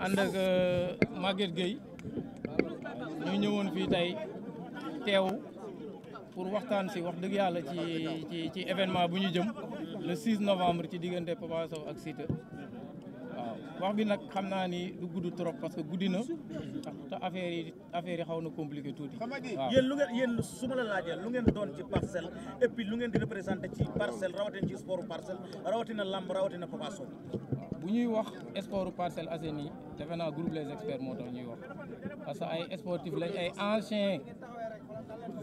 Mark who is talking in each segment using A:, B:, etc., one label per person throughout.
A: ànd ak euh, géey Gueye ñu ñëwoon fii tey teew pour waxtaan si wax dëgg yàlla ci ci ci événement bu ñu jëm le 6 novembre ci diggante Papa ak Siteu waaw wax bi nag xam naa ni du gudd trop parce que guddi na te affaire yi affaire yi xaw na compliqué tuuti. waaw yéen ngeen su ma la laajee lu ngeen doon ci parcelle et puis lu ngeen di représenté ci parcelle rawatina ci sport parcelle rawatina làmp rawatina Papa Sow. bu ñuy wax parcelle Parcelles Assainies defe naa groupe les experts moo tax ñuy wax parce que ay sportif lañ ay anciens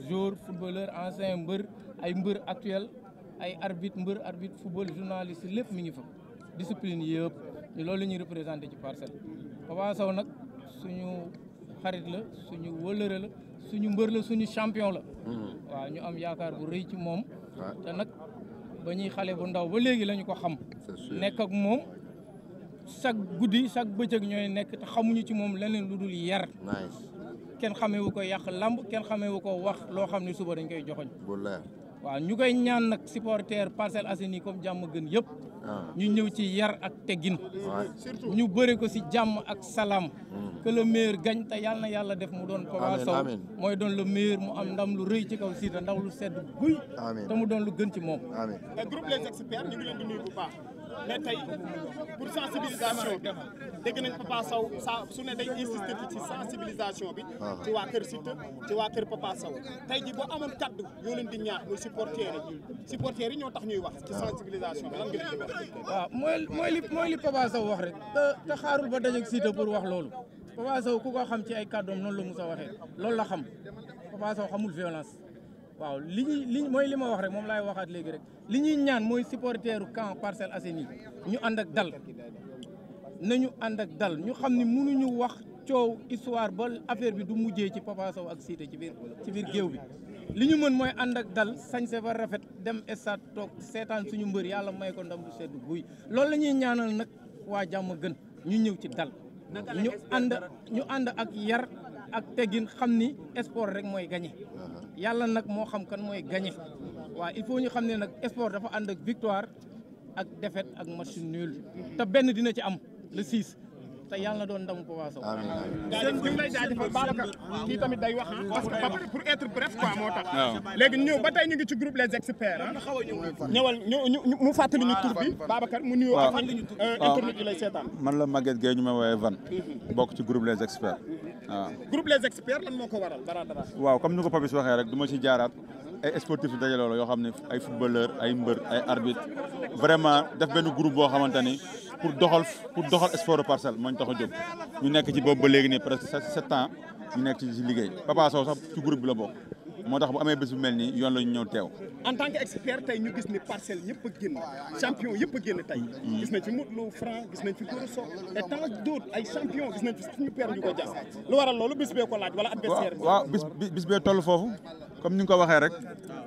A: joueurs footballeurs anciens mbër ay mbër actuel ay arbitre mbër arbitre football journaliste lépp mi ngi fa discipline yëpp ñu loolu ñuy représenté ci parcelle Papa Sow nag suñu xarit la suñu wëllëre la suñu mbër la suñu champion la mm-hmm. waaw ñu am yaakaar bu rëy ci moom ah. te nag ba xale bu ndaw ba léegi lañu ko xam nekk moom chaque guddi chaque bëccëg ñooy nekk te xamuñu ci moom leneen lu dul yar. kenn xamee wu ko yàq lamb kenn xamee wu ko wax loo xam ne suba dañ koy joxoñ waaw ñu koy ñaan nag supporter Parcelles Assainies comme jàmm gën yëpp. Ah. ñu ñëw ci yar ak teggin. ñu bëre ko si jàmm ak salaam. Mm. que le meilleur gagne te yàlla na yàlla def mu doon. Papa Sow mooy doon le meilleur mu am ndam lu rëy ci kaw Siteu ndaw lu sedd guy. te mu doon lu gën ci moom. amiin
B: mais tey pour sensibilisation bi dégg nañ Papa saa su ne day insister ci sensibilisation bi. ci waa kër Siteu ci waa kër Papa Sow. tey ji boo amoon kaddu yoo leen di ñaax muy supporters yi ñoo tax ñuy wax ci
A: sensibilisation
B: bi lan nga leen di
A: waaw mooy li mooy li Papa Sow wax rek te te xaarul ba dajeeg Siteu pour wax loolu Papa Sow ku ko xam ci ay kàddoom noonu la Moussa waxee loolu la xam Papa Sow xamul violence. waaw li ñuy mooy li ma wax rek moom laay waxaat léegi rek li ñuy ñaan mooy supporteru camp Parcelles Assainies ñu ànd ak dal nañu ànd ak dal ñu xam ne mënuñu wax coow histoire ba affaire bi du mujjee ci Papa ak Siteu ci biir ci biir géew bi li ñu mën mooy ànd ak dal sañse ba rafet dem stade toog seetaan suñu mbër yàlla may ko ndam bu sedd guy loolu la ñuy ñaanal nag waa jàmm gën ñu ñëw ci dal ñu ànd ñu ànd ak yar ak teggin xam ni sport rek mooy gagné yàlla nag moo xam kan mooy gagné waaw il faut ñu xam ne nag sport dafa ànd ak victoire ak défaite ak machine nul te benn dina ci am le 6. te yàlla doon ndamu Papa Sow. amiin
B: amiin ñu ngi kii tamit day
A: wax ah, parce que Papa pour être
B: bref quoi moo tax. léegi ñëw ba tey ñu gi ci groupe les experts ah. ñëwal ñu ñu mu fàttali ñu ah, tur bi Babacar mu nuyoo ak ah. euh, internet lay seetaan.
C: man la magget gee ñu ma woowee Van. Mhm. bokk ci groupe les experts waaw.
B: groupe les experts lan moo ko waral dara dara.
C: waaw comme ni ko Papis waxee rek du ma ci jaaraat. ay sportifs yu daje yoo xam ne ay footballeur ay mbër ay arbitre vraiment def benn groupe boo xamante ni pour doxal pour doxal sport parcelle moo ñu tax a ñu nekk ci boobu ba léegi nii presque sept ans ñu nekk ci liggéey Papa Sow sax ci groupe bi la bokk moo tax bu amee bés bu mel nii yoon la ñu ñëw teew.
B: en tant que expert tey ñu gis ni parcelle yëpp a génn champion yëpp a génn tey. Mm-hmm. gis nañ fi Modou Lo Franc gis nañ fi Gora Sock et tant d'autres ay champion gis nañ
C: comme ni nga ko waxee rek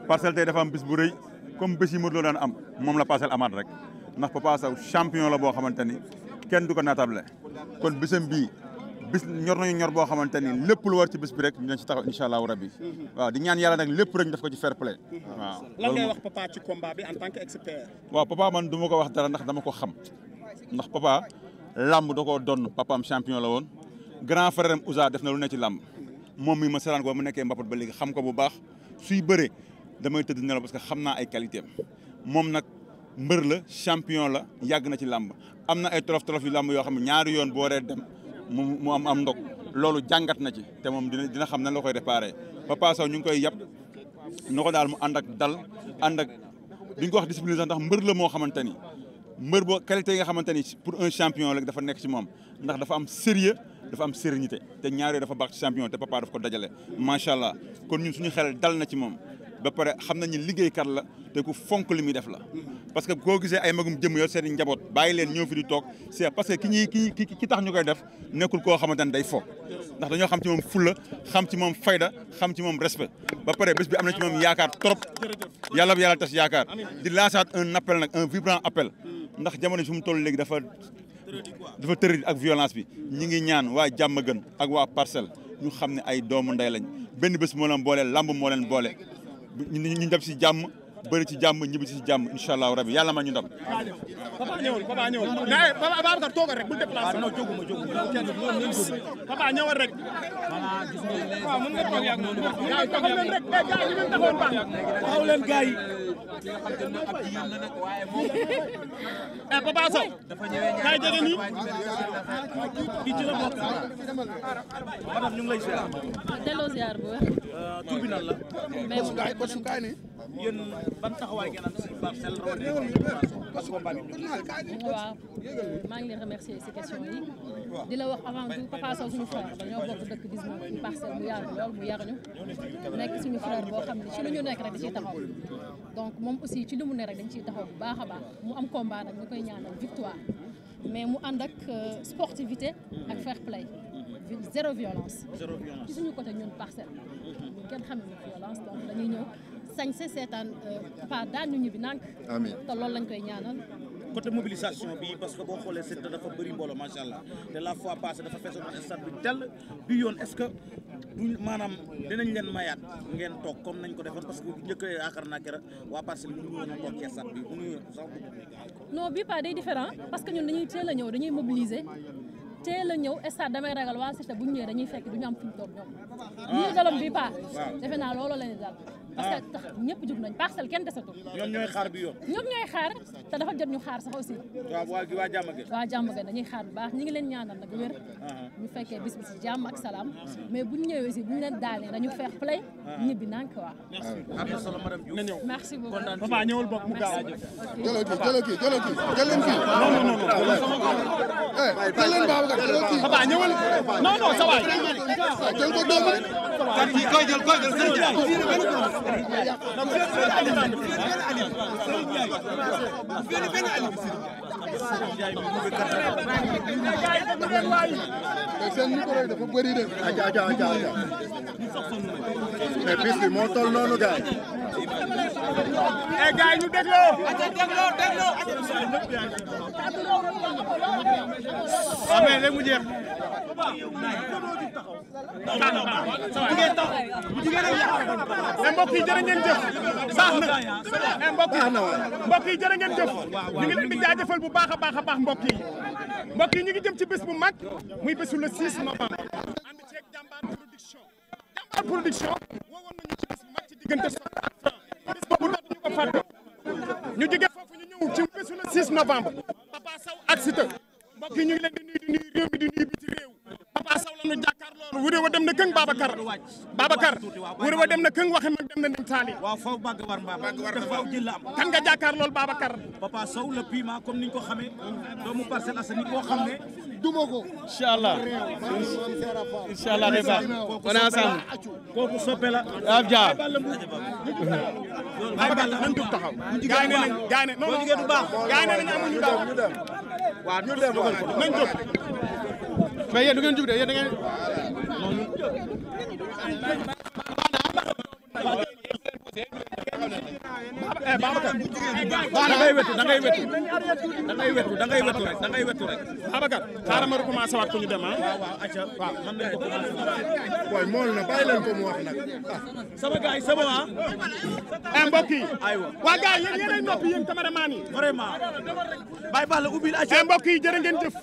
C: parcelle tey dafa am bis bu rëy comme bés yi Modou Lo daan am moom la parcelle amaat rek ndax Papa Sow champion la boo xamante ni kenn du ko naatable kon bésam bii bis ñor nañu ñor boo xamante ni lépp lu war ci bis bi rek dinañ ci taxaw incha allahu rabbi waaw di ñaan yàlla nag lépp rek ñu def ko ci fair play waaw lan ngay wax
B: papa en tant que expert
C: waaw papa man du ma ko wax dara ndax dama ko xam ndax papa lamb da koo donn papaam champion la woon grand frère am Ousa def na lu ne ci làmb moom mi ma seetaan ko mu nekkee mbapat ba léegi xam ko bu baax suy bëree damay tëdd nelaw parce que xam naa ay qualité moom nag mbër la champion la yàgg na ci làmb am na ay tolof tolof yu yoo xam ne ñaari yoon boo dem mu mu am am ndog loolu jàngat na ci te moom dina dina xam nan la koy réparé ba Sow ñu ngi koy yàpp na ko daal mu ànd ak dal ànd ak duñ ko wax discipline sax ndax mbër la moo xamante ni mbër boo qualité yi nga xamante ni pour un champion la dafa nekk ci moom ndax dafa am sérieux dafa am sérénité te ñaaree dafa baax ci champion te papa daf ko dajale macha allah kon ñun suñu xel dal na ci moom ba pare xam nañu liggéeykat la te ku fonk li muy def la parce que koo gisee ay magum jëm yor seen i njaboot bàyyi leen ñëw fi di toog c'est parce que ki ñuy ki ki tax ñu koy def nekkul koo xamante ne day fo ndax dañoo xam ci moom fulla xam ci moom fayda xam ci moom respect ba pare bés bi am na ci moom yaakaar trop yàlla bu yàlla tas yaakaar di laasaat un appel nag un ndax jamono su mu toll léegi dafa dafa tërëdi ak violence bi ñu ngi ñaan waa jàmm gën ak waa parcelle ñu xam ne ay doomu ndey lañ benn bés moo leen boole lamb moo leen boole ñu dem si jàmm bëri ci jàmm ñibbi ci jàmm incha allahu rabi yàlla ma ñu ndam.
B: papa ñëwul papa ñëwul mais papa Babacar toogal rek bul déplacé. non jóguma jóguma papa ñëwal rek. waaw mën nga toog yàgg noonu. yaa ngi taxaw leen rek
D: mais
C: gars yi ñu ngi taxawoon baax. taxaw leen gars yi.
D: eh papa Sow. kay jege nii. kii ci la bokk. madame ñu ngi lay ziar. delloo ziar bu wér. Euh, tur bi nan la. mais mu ngi lay yéen ban taxawaay ngeen am si parcelle rawatina parce que maa
E: ngi lee remercier si question yi di la wax avant tout Papa Sow suñu frère dañoo bokk dëkk bis mu parcelle mu yaru lool mu yaruñu nekk suñu frère boo xam ne ci lu ñu nekk rek da taxaw moom aussi ci li ne rek dañ ciy taxaw bu baax a baax mu am combat nag ñu koy ñaanal victoire mais mu ànd ak euh, sportivité ak fair play zéro violence ci suñu côté ñun parcelle ñun kenn xam ne violence donc dañuy ñëw sañse seetaan euh, pas daan ñu ñibbi nànk. amiin te loolu lañ koy ñaanal.
D: côté mobilisation bi parce que boo xoolee Siteu dafa bëri mbooloo macha allah te la fois passée dafa feesoon stade bi tel bi yoon est maanaam dinañ leen mayaat ngeen toog comme nañ ko defoon parce que njëkk yaakaar naa keroog waa parce que ñun
E: dañuy teel a dañuy mobiliser. teel a ñëw stade damay ragal waa Cité bu ñu ñëwee dañuy fekk du ñu am fi ñu toog ñoom. ñii daloon bi paa. defe naa looloo la ñuy dal. parce que tax ñëpp jug nañ parcelle kenn desatul. ñoom
D: ñooy xaar bi yoon.
E: ñoom ñooy xaar te dafa jot ñu xaar sax aussi. waaw
D: waa waa jàmm ge. waa jàmm ge dañuy
E: xaar bu baax ñi ngi leen ñaanal nag wér.
D: Uh-huh.
E: ñu fekkee bis bi ci jàmm ak salaam. mais bu ñu ñëwee aussi bu ñu leen daanee dañu feex play. Uh-huh. ñibbi
B: nank waa. am na solo madame Diouf nga ñëw. merci beaucoup papa ñëwal bokk mu gaaw a jël. jëloo kii jëloo kii jëloo kii jël leen kii. non non non. Eh, Papa ñëwal non non sa waay jël ko doomu kan kii koy jël koy jël sëriñ Ndiaye benn benn ali sëriñ Ndiaye mu bëgg kat rek seen micro dafa bëri de aja aja aja mais bis bi moo toll noonu gaay
A: e
B: gars yi ñu dégloo
D: dégloo dégloo amee léegi mu
B: jeex e mbokk yi jërë ngeen na e mbokk yi mbokk yi jëf
D: ñu ngi leen
B: di jaajëfal bu baax a baax a baax mbokk yi mbokk ñu ngi jëm ci bis bu mag muy bésu le 6 novembre ànd ceeg jàmbaar production jàmbaar production woowoon nañu ci bés bu mag ci diggante fàtte ñu jógee foofu ñu ñëw ci bésu le 6 novembre Papa Sow ak Siteu mbokk ñu ngi leen di réew mi di nuyu biti réew Papa la ñu jàkkaarloo wuré wa dem na këng Babacar Babacar wuré wa dem na këng
D: waxe mag dem na nim taali waaw faaw bàgg war mbaam faaw jël am kan nga niñ ko xamee doomu Parcelles Assainies boo xam ne duma ko incha allah incha allah day baax on est taxaw gaay ne nañ gaay ne non jigéen du baax gaay ne nañ
F: ngeen jóg de yéen ngeen
B: Eh, Babacar da ngay wetu da ngay wetu da ngay wetu da ngay wetu rek da ngay wetu rek Babacar ma recommencé waat ah. na
A: bàyyi leen ko mu wax nag
D: sama gars yi sama ah. waa eh mbokk yi aywa
B: waa gars yi yéen yéenay noppi yéen cameraman yi vraiment
D: baax la ubbil ay eh,
B: mbokk yi jërë ngeen jëf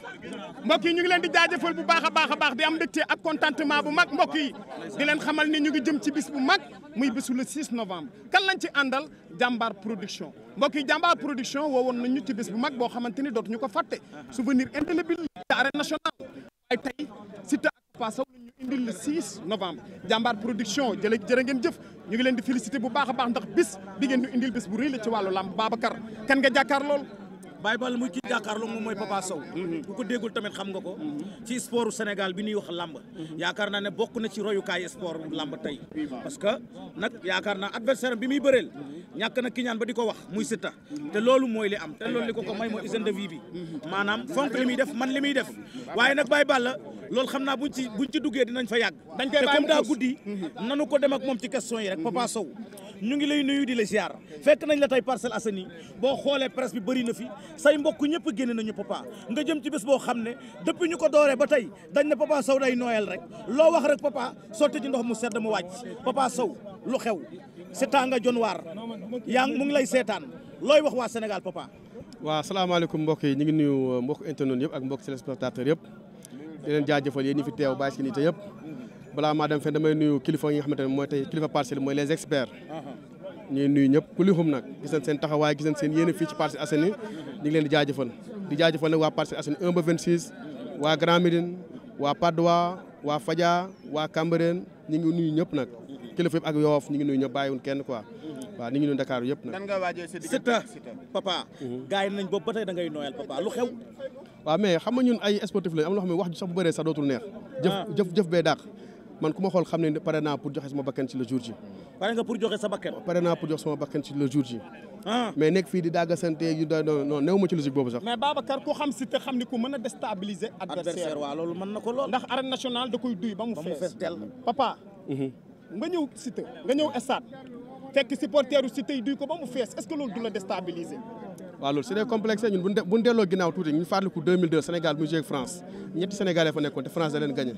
B: mbokk ñu ngi leen di jaajëfal bu baax a baax a baax di am mbégte ak contentement bu mag mbokk di leen xamal ni ñu ngi jëm ci bis bu mag muy bisu le 6 novembre kan àndal jàmbaar production mbokk yi jàmbaar production woowoon nañ ñu ci bés bu mag boo xamante ni dootuñu ko fàtte souvenir indélébile de arène nationale waaye tey Siteu ak Papa Sow ñu indil le 6 novembre jàmbaar production jële jërë ngeen jëf ñu ngi leen di féliciter bu baax a baax ndax bis bi ngeen ñu indil bés bu rëy la ci wàllu làmb Babacar kan nga jàkkaar lool
D: Baye Balla mu ci jàkkaarloo moom mooy Papa Sow bu mhm. ko déggul tamit xam nga ko mhm. ci sportu Sénégal bi ñuy wax làmb mhm. yaakaar naa ne bokk na ci royukaay sport làmb tey parce que nag yaakaar naa adversaire bi muy bëreel ñàkk na ki ñaan ba di ko wax muy Siteu te loolu mooy li am te loolu li ko ko may mooy hygiène de vie bi maanaam fonk li muy def man li muy def waaye nag Baye Balla loolu xam naa bu ci buñ ci duggee dinañ fa yàgg te comme daa guddi n ko dem ak moom ci question yi rek Papa Sow ñu ngi lay nuyu di la ziar fekk nañ la tey Parcelles Assainies boo xoolee presque bi na fi say mbokk ñëpp génne nañu Papa nga jëm ci bés boo xam ne dëpp ñu ko dooree ba tey dañ ne Papa Sow day nooyal rek loo wax rek Papa sotti ci ndox mu sedd mu wàcc Papa Sow lu xew seetaan nga jon waar
A: yaa mu ngi lay seetaan
D: looy wax waa Sénégal Papa.
F: waa salaamaaleykum mbokk yi ñu ngi nuyu uh, mbokk internet yëpp ak mbokk téléspectateur yëpp di leen jaajëfal yéen ñi fi teew bàyyi si nit yëpp. balaa maa dem fen nuyu kilifa yi nga xamante ne mooy tey kilifa parcelle mooy les experts uh-huh. ñuy nuyu ñëpp ku lixum nag gis seen taxawaay gis nañ seen yéene fii ci Parcelles Assainies ñu ngi leen di jaajëfal di jaajëfal nag waa Parcelles Assainies 1 ba waa Grand waa Patte d'Oie ñu ngi ñëpp nag kilifa yëpp ak Yoff ñu ngi nuyu ñëpp bàyyiwun kenn quoi
D: uh-huh. waaw
F: ñu ngi nuyu Dakar yëpp nag nan
D: nga waajee sa diggante Siteu papa uh-huh. gars yi nañ boobu ba
F: tey da ngay papa lu xew waaw mais xam nga ñun ay sportif lañ am loo xam wax ju sax bu bëree sax dootul neex jëf ah. jëf jëf bee dàq man ku ma xool xam ne pare naa pour joxe sama bakkan ci le jour ji. pare nga pour joxe sa bakkan. pare naa pour joxe sama bakkan ci le jour ji. Ah. mais nekk fii di daaga sante yu doy doy
B: non néew ma ci logique boobu sax. mais Babacar ku xam si xam ni ku mën a déstabiliser. adversaire waaw loolu mën na ko lool. ndax arène nationale da duy ba mu fees papa. Mhm. nga ñëw si te nga ñëw stade fekk supporteru si tey duy ko ba mu fees est-ce loolu du la déstabiliser.
F: waaw loolu su dee complexe ñun bu ñu delloo ginnaaw tuuti ñu fàttaliku 2002 Sénégal mu joué ak France ñetti Sénégalais fa nekkoon te France da leen gagné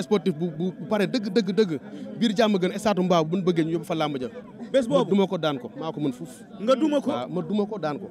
F: sportif bu bu pare dëgg dëgg dëgg biir jàmm gën stade Mbao bu ñu bëggee ñu yóbbu fa làmb boobu ma duma ko daan ko maa ko mën fuuf nga ko ma duma ko daan ko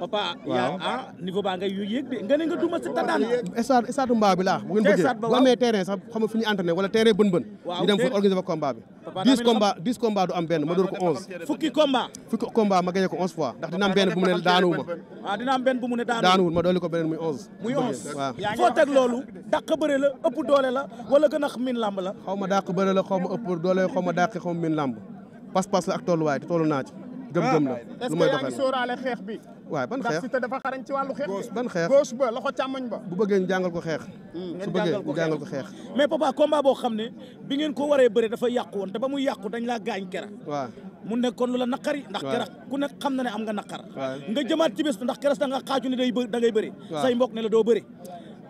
D: papa yaa ah niveau baa ngay yéeg de nga ne nga duma si tadaan
F: stade stade mbaa bi laa bu ngeen bëggee bu amee terrain sax xam nga fi ñu entraîné wala terrain bën bën ñu dem fa organiser fa combat bi dix combat dix combat du am benn ma door ko onze fukki combat fukki combat ma gagné ko onze fois ndax dina am benn bu mu ne daanuwuma
D: waaw ah, dina am benn bu mu ne daanuwul ma dooli
F: ko beneen muy onze muy onze waaw foo teg loolu dàq bëre la ëpp doole la wala gën a min lamb la xaw ma dàq bëre la xaw ma ëpp doole xaw ma dàq xaw ma min lamb pas-pas la ak tolluwaay te tollu naa ci gëm-gëm la ah. lu may doxal est-ce que xeex bi waaye
B: ban xeex ndax Siteu dafa xarañ ci wàllu xeex
D: bi ban xeex ba loxo càmmoñ ba bu bëggee ñu jàngal ko xeex hmm, su bëggee ñu jàngal ko xeex mais papa combat boo xam ne bi ngeen ko waree bëre dafa yàqu woon ba muy yàqu dañ laa gaañ kera waaw mu nekkoon lu la naqari ndax keras ku nekk xam na ne am nga naqar nga jëmaat ci bés ndax keras da nga xaaju ne day da ngay bëre say mbok ne la doo bëre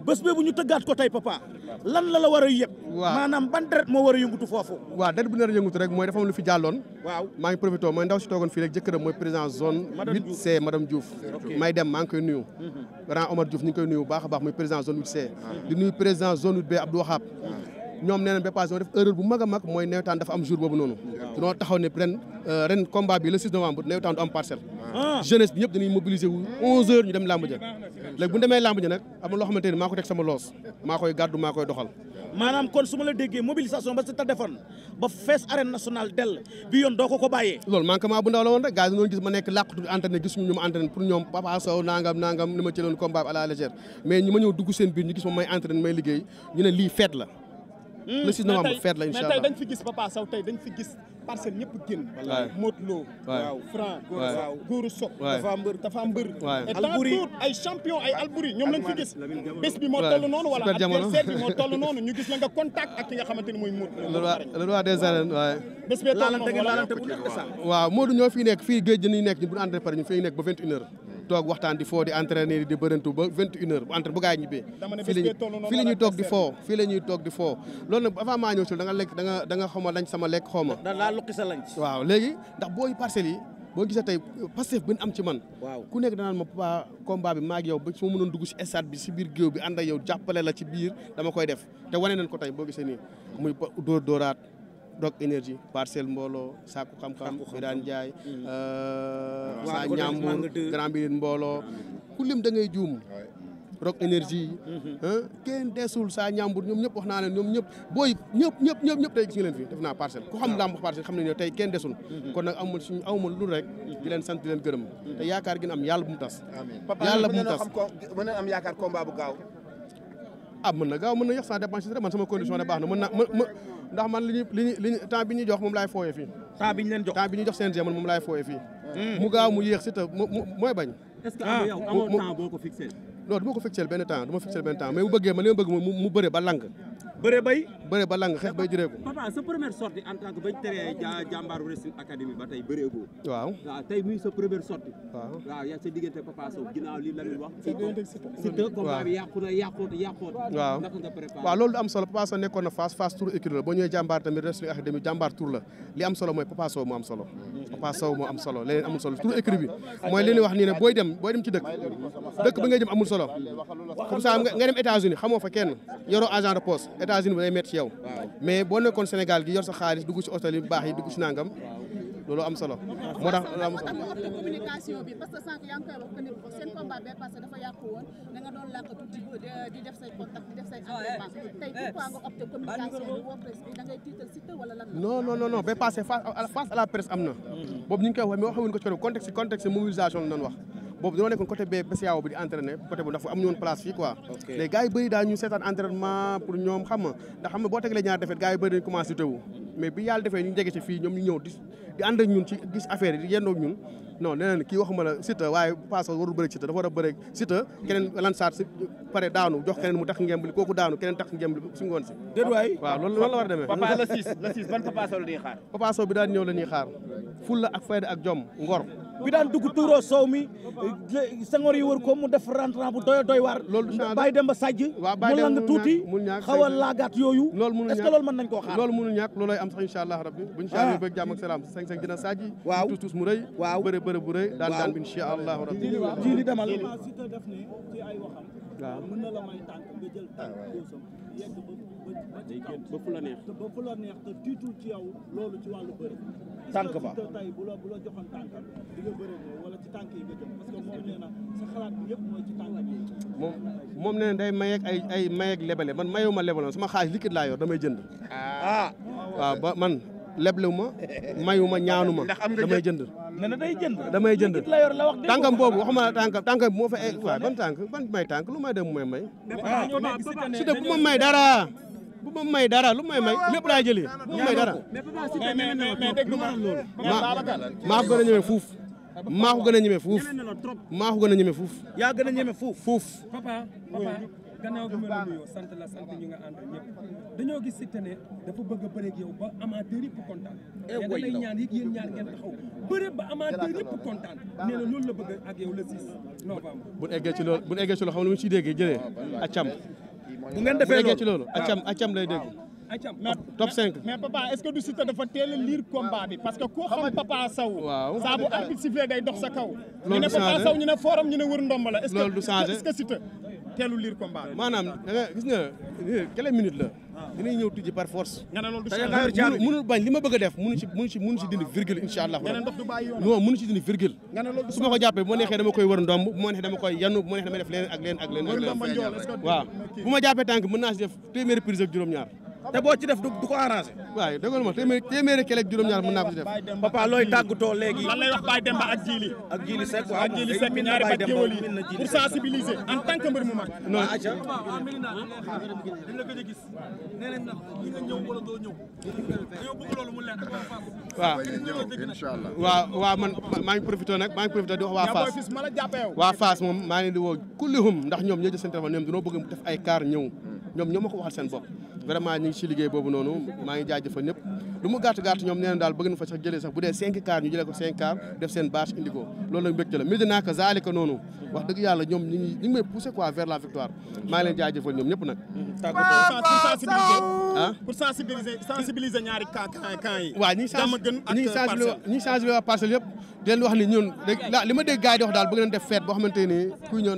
D: bés boobu ñu tëggaat ko tey papa lan la la war a yëg. maanaam ban moo war a yëngutu foofu. waaw deret bu nar a yëngutu rek mooy dafa am
F: fi jàlloon. waaw maa ngi profité mooy ndaw si toogoon fii rek jëkkëram mooy président zone. madame Diouf 8C may dem maa ngi koy nuyu. Mhm. grand Omar Diouf ñu ngi koy nuyu bu baax a baax mooy président zone 8C. Ah. di nuyu président zone 8B Abdou Wahab ah. ñoom nee nañ ba passé def a mag mooy nawetaan dafa am jour boobu noonu dañoo taxaw ne ren euh, ren combat bi le 6 ah. wu 11 heures ñu dem làmb ja léegi bu demee làmb ja nag am na loo xamante ni maa ko teg sama loos maa koy gàddu maa koy doxal maanaam kon su ma la déggee mobilisation ba doo ko ko bàyyee loolu manquement bu ndaw la woon rek gars noonu gis ma nekk làqatu entraîné gis ñu ma pour ñoom papa nangam nangam li ma ci loon combat la légère mais ñu ma ñëw dugg seen biir ñu gis ma may entraîné may liggéey ñu ne lii fête la
B: Hmm, le 6 novembre fête la incha allah mais tey dañ fi gis Papa Sow tey dañ fi gis parcelle ñëpp génn. wallaay Modou Lo. waaw Franc. waaw Góoru Sok. dafa mbër dafa mbër. et tant ay champion ay Albouri ñoom lañ fi gis. bés bi moo toll noonu. wala adversaire bi moo toll noonu ñu gis la nga contact ak ki nga xamante ni mooy Modou Lo.
F: le roi des arènes waay.
B: bés bee noonu wala
F: waaw Modou ñoo fi nekk fii géej gi ñu nekk bu ñu àndee pare ñu fi nekk ba 21 heures toog waxtaan di foo di entraîner di bërëntu ba vingt une heure bu entre bu gaa yi ñibbee fii la ñuy toog di foo fii la ñuy toog di foo loolu nag avant maa ñëw ci da nga lekk da nga da nga xaw ma lañ sama lekk xaw ma lukki sa lañ waaw léegi ndax booy parcelles yi boo gisee tey Pastef bi ñu am ci man ku nekk danaan ma papa combat bi maa ak yow ba su ma dugg si stade bi si biir géew bi ànd ak yow jàppale la ci biir dama koy def te wane nañ ko tey boo gisee nii muy dóor dóoraat Dock Énergie parcelle mbooloo Sakku Xam-Xam Birane Ndiaye mm. euh, Sa Ñambour Grand Birine mbooloo mm. ku lim da nga juum Rock Énergie mm-hmm. kenn desul Sa Ñambour ñoom ñëpp wax naa leen ñoom ñëpp booy ñëpp ñëpp ñëpp ñëpp tey gis nga leen fii def naa parcelle ko xam lamb parcelle xam ne ne tey kenn desul mm-hmm. kon nag amul suñu amul lu rek di leen sant leen gërëm mm-hmm. te yaakaar gi am yàlla bu mu tas
B: yàlla bu mu tas mën na am yaakaar combat bu gaaw
F: ah mën na gaaw mën na yéex sans dépense man sama condition de baax ndax man li ñu li ñu li temps bi jox moom laay fooyee fii. temps leen jox temps bi ñu jox seen man moom laay fooyee fii. Hmm. mu gaaw mu yéex si te mooy bañ. est ah. ko fixé. non du ma ko fixé benn temps du ma fixé benn temps mais bu bëggee man li ma bëgg mu bëre ba lang. bëre bay. bëre ba lang xeex bay jureeku.
C: papa sa première sortie ba
D: waaw waaw loolu
F: am solo Papa nekkoon na face face tour écurie la ñëwee jàmbaar tamit Wrestling Academy jàmbaar tour la li am solo mooy Papa moo am solo. Papa moo am solo leneen amul solo tour écurie mooy li wax nii booy dem ci dëkk dëkk ba ngay jëm amul solo comme ça nga dem États-Unis xamoo fa kenn yoroo agent de poste États-Unis ba day métti yow mais boo nekkoon Sénégal gi yor sa xaalis dugg si hôtel baax yi dugg si nangam loolu am solo moo tax am communication bi parce que di def say la presse am na hmm. boobu ñu ngi koy wax mais waxewuñ ko contexte contexte mobilisation la doon wax boobu dañoo nekkoon côté bee BCEAO bi di entraîné côté bu ndax fu amuñu woon place fii quoi léegi gars yi bëri daal ñu seetaan entraînement pour ñoom xam nga ndax xam nga boo tegalee ñaar defet gars yi bëri dañ ñun ci gis affaire yi di yendoog ñun non leneen kii waxuma la Siteu dafa war a bëre Siteu keneen lansaat si pare daanu jox keneen mu tax ngeen bi kooku daanu keneen tax ngeen bi si ngoon si déet waay waaw loolu la war a demee papa la six la six ban Papa Sow la
D: ñuy bi daan dugg tuuroo soow mi sangoor yi war ko mu def rentrant bu doy doy waar loolu bàyyi dem ba mu lang tuuti
F: xaw a laagaat yooyu
D: loolu mënul est-ce que loolu mën nañ koo xaar loolu mënul ñàkk loolay am sax incha allah rabbi buñ ci amee bëgg jàmm
F: ak salaam cinq cinq dina sàjj waaw tuus tuus mu rëy waaw bëre bëre bu rëy daan daan bi incha rabbi ji li waaw mën
D: na la may tànk nga jël ah, day génn ba fu la neex ba fu la neex te tiitul ci yow loolu ci wàllu bëri la ci tànk yi nga jëm parce
F: moom nee na day mayeeg ay ay mayeeg lebale man mayewu ma lebaloon sama xaalis liquide laa damay jënd
B: ah waaw ba
F: man leblewu ma mayu ma ñaanu ma damay jënd nee day jënd damay jënd tànkam boobu waxuma la tànkam tànkam bi moo fa ay waaw ban tànk ban may tànk lu may dem may ah,
B: may su dee bu ma may dara
F: bu ma may dara lu may may lépp laay jëlee
B: bu ma may dara.
D: maa ko gën a ñeme fuuf. maa ko gën a ñeme fuuf. maa ko gën a ñeme fuuf. yaa gën a ñeme fuuf. fuuf. papa papa
B: gannaaw bi ma la nuyoo sant la sant ñu nga ànd ñëpp
D: dañoo gis si ne dafa bëgg a bëre ak yow ba amateur yëpp kontaan. et da lay
B: ñaan yéen ñaar ngeen taxaw bëre ba amateur yëpp kontaan nee loolu la bëgg ak yow le 6
F: bu eggee ci loolu bu eggee ci loolu xam nga lu mu ciy déggee jëlee ah, acam
B: bu ngeen defee loolu ci loolu acam acam ah. lay dégg. acam ah. top 5. mais papa est-ce que du Siteu dafa teel a lire parce que koo xam papa Sow. waaw saa bu day dox sa kaw. loolu du changé ñu ne papa Sow ñu ne forum ñu ne wër ndomba la. loolu du changé est-ce que est teelu lire combat maanaam
F: da nga gis nga quelle minute la. dinañ ñëw tijji par force mënul bañ li ma bëgg a def mënu ci mënu ci mënu ci dindi virgule incha allah non mënu ci dindi virgule su ma ko jàppee bu ma neexee dama koy wër ndomb bu dama koy yannu bu dama def leen ak leen ak leen ak bu ma jàppee tànk mën naa si def téeméeri prise ak te boo ci def du ko arrangé. waaw dëgg ma téeméeri téeméeri kele juróom-ñaar mën naa ko ci
B: def. papa looy tàggatoo léegi. lan lay wax Baye Demba ak Djili. ak Djili Seck waaw ak Djili Seck ñaari Baye Demba pour sensibiliser en tant que mbër mu mag. non atia.
F: waaw waa waaw man maa ngi profité nag maa ngi profité di wax waa Fass. moom maa ngi leen di woo kullihum ndax ñoom ñoo jël seen téléphone ñoom dañoo bëgg def ay car ñëw mm. ñoom ñoo ma ko waxal seen bopp vraiment ñu ngi ci liggéey boobu noonu maa ngi jaajëfal ñëpp lu mu gàtt gàtt ñoom nee daal bëgg na fa sax jëlee sax bu dee cinq car ñu jëlee ko cinq car def seen bâche indi ko loolu nag mbégte la mi dinaa ko zaalika noonu wax dëgg yàlla ñoom ñu ngi ñu ngi may la victoire maa ngi leen jaajëfal ñoom ñëpp nag
B: ah pour sensibiliser sensibiliser ñaari camp yi yëpp di wax
F: ni ñun li ma dégg gars daal bëgg nañ def fête boo xamante kuy ñëw